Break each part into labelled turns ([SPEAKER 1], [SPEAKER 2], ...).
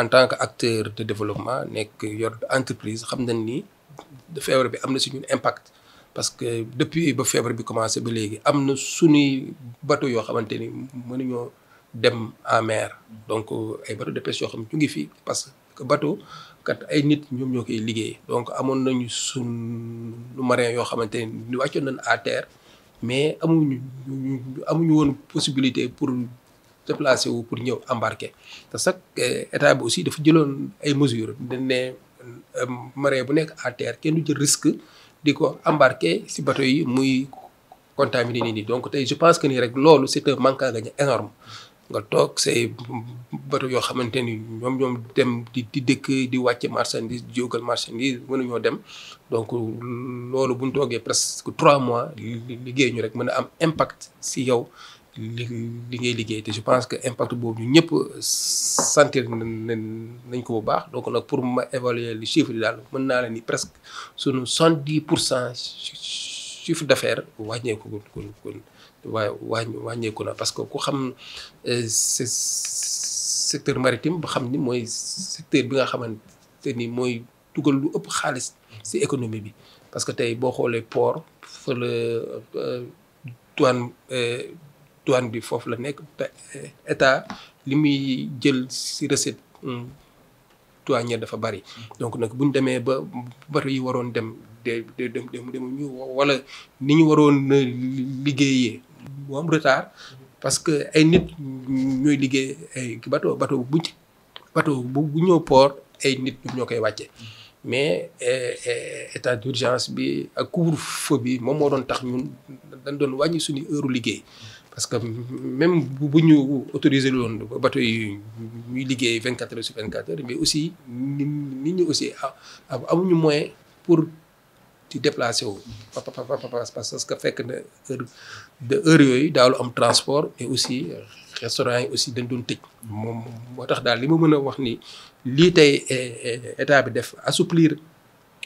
[SPEAKER 1] en tant que acteur de développement nekk yor entreprise xam nañ ni feebar bi am na si ñun impact. parce que depuis ba feebar bi commencé ba léegi am na suñuy bateau yoo xamante ni mënuñoo dem en mer ay bateau de yoo xam ñu ngi fi parce que bateau kat ay nit ñoom ñoo koy liggéey. donc amoon nañu suñu marin yoo xamante ni wàccoon nañ à terre mais amuñu woon possibilité pour déplacé wu pour ñëw embarqué te sax eh, état bi aussi dafa jëloon ay mesures de ne euh, marin bu nekk à terre kenn du jël risque di ko embarqué si bateau yi muy contaminé ni ñi donc tey je pense que ni rek loolu c' est un manque à gagner énorme nga toog say bateau yoo xamante ni ñoom ñoom dem di di dëkk di wàcce marchandise di jógal marchandise mënuñoo dem donc loolu bu ñu toogee presque trois mois liggéey ñu rek mën a am impact si yow li li ngay liggéey te je pense que impact boobu ñu ñëpp sentir nañ ko bu baax donc nag pour ma évaluer le chiffre yi daal mën naa leen ni presque sunu soixante dix pour cent chiffre d'affaires wàññeeku kon kon waaye wàññeeku na parce que ku xam euh, secteur maritime ba xam ni mooy secteur bi nga xamante ni mooy dugal lu ëpp xaalis ci économie bi parce que tey boo xoolee port fa la euh, douane euh, douane bi foofu la nekk eh, état li muy jël si recette hmm, douanière dafa bari. donc nag bu ñu demee ba bato yi waroon dem de de dem demuñu wala ni ñu waroon eh, liggéeyee. mu am retard parce que ay nit ñooy liggéey ay bato bateau bu ñëw port ay nit ñoo koy wàcce mais eh, état d'urgence bi ak couvre-feu bi moom moo doon tax ñun dañ doon wàññi suñu heure liggéey. parce que même si nous autorisons les bateaux de 24 heures sur 24 mais aussi, nous aussi, avons pour te déplacer. Parce que ça fait que de heureux dans le transport, et aussi les restaurants, aussi dans le temps Ce que je veux dire, c'est que l'État est assouplir.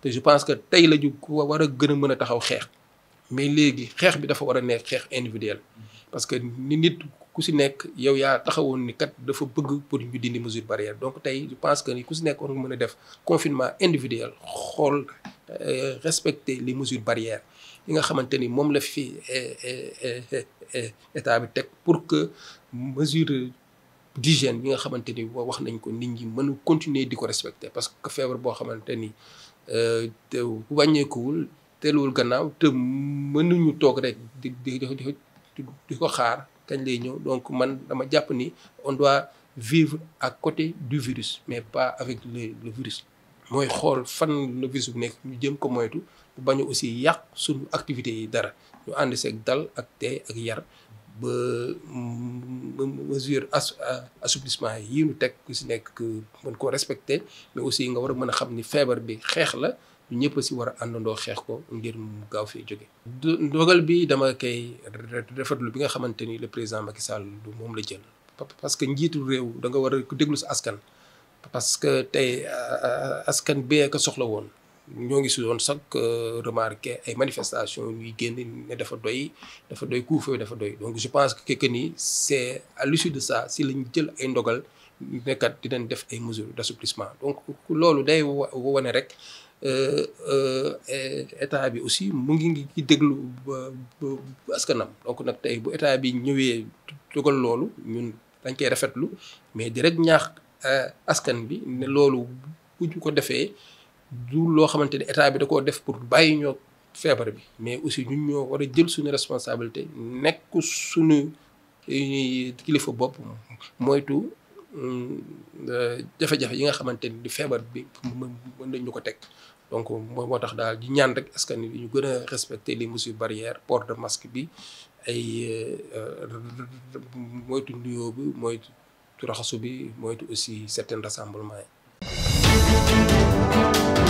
[SPEAKER 1] te je pense que tey la ñu war a gën a mën a taxaw xeex mais léegi xeex bi dafa war a nekk xeex individuel parce que ni nit ku si nekk yow yaa taxawoon ni kat dafa bëgg pour ñu dindi mesure barrière donc tey je pense que ni ku si nekk war nga mën a def confinement individuel xool euh, respecter les mesures barrières yi nga xamante ni moom la fi euh, euh, état bi teg pour que mesure d'hygiène yi nga xamante ni wax nañ ko nit ñi mën continuer di ko respecter parce que feebar boo xamante ni te wàññeekuwul teeluwul gannaaw te mënuñu toog rek di di di ko xaar kañ lay ñëw donc man dama jàpp ni on doit vivre ak côté du virus mais pas avec le virus. mooy xool fan la virus bu nekk ñu jëm ko moytu bañu aussi yàq suñu activités yi dara ñu ànd seeg dal ak tey ak yar. ba ba mesure assouplissement yi ñu teg ku si nekk mën koo respecté mais aussi nga war a mën a xam ni feebar bi xeex la ñu ñëpp si war a àndandoo xeex ko ngir mu gaaw fee jóge dogal bi dama koy rafetlu bi nga xamante ni le président Macky Sall du moom la jël parce que njiitu réew da nga war a déglu sa askan parce que tey askan bee ko soxla woon ñoo ngi si doon sax euh, remarqué ay manifestations ñuy génn ne dafa doy dafa doy couvre dafa doy donc je pense que que ni c'est à l'issue de ça si lañu jël ay ndogal nekkat dinañ def ay mesures d'assouplissement donc loolu day wane rek euh, euh, état bi aussi mu ngi ngi déglu askanam donc nag tey bu état bi ñëwee dogal loolu ñun dañ koy rafetlu mais di rek ñaax askan bi ne loolu bu ko defee. du loo xamante ne état bi da koo def pour bàyyi ñoo feebar bi mais aussi ñun ñoo war a jël suñu responsabilité nekk suñu eh, kilifa bopp moytu mm, euh, jafe-jafe yi nga xamante ni di feebar bi mën nañ ñu ko teg donc moo tax daal di ñaan rek askan wi ñu gën a respecter li mesures barrières port de masque bi ay euh, moytu nuyoo bi moytu raxasu bi moytu aussi certains rassemblements yi Thank you.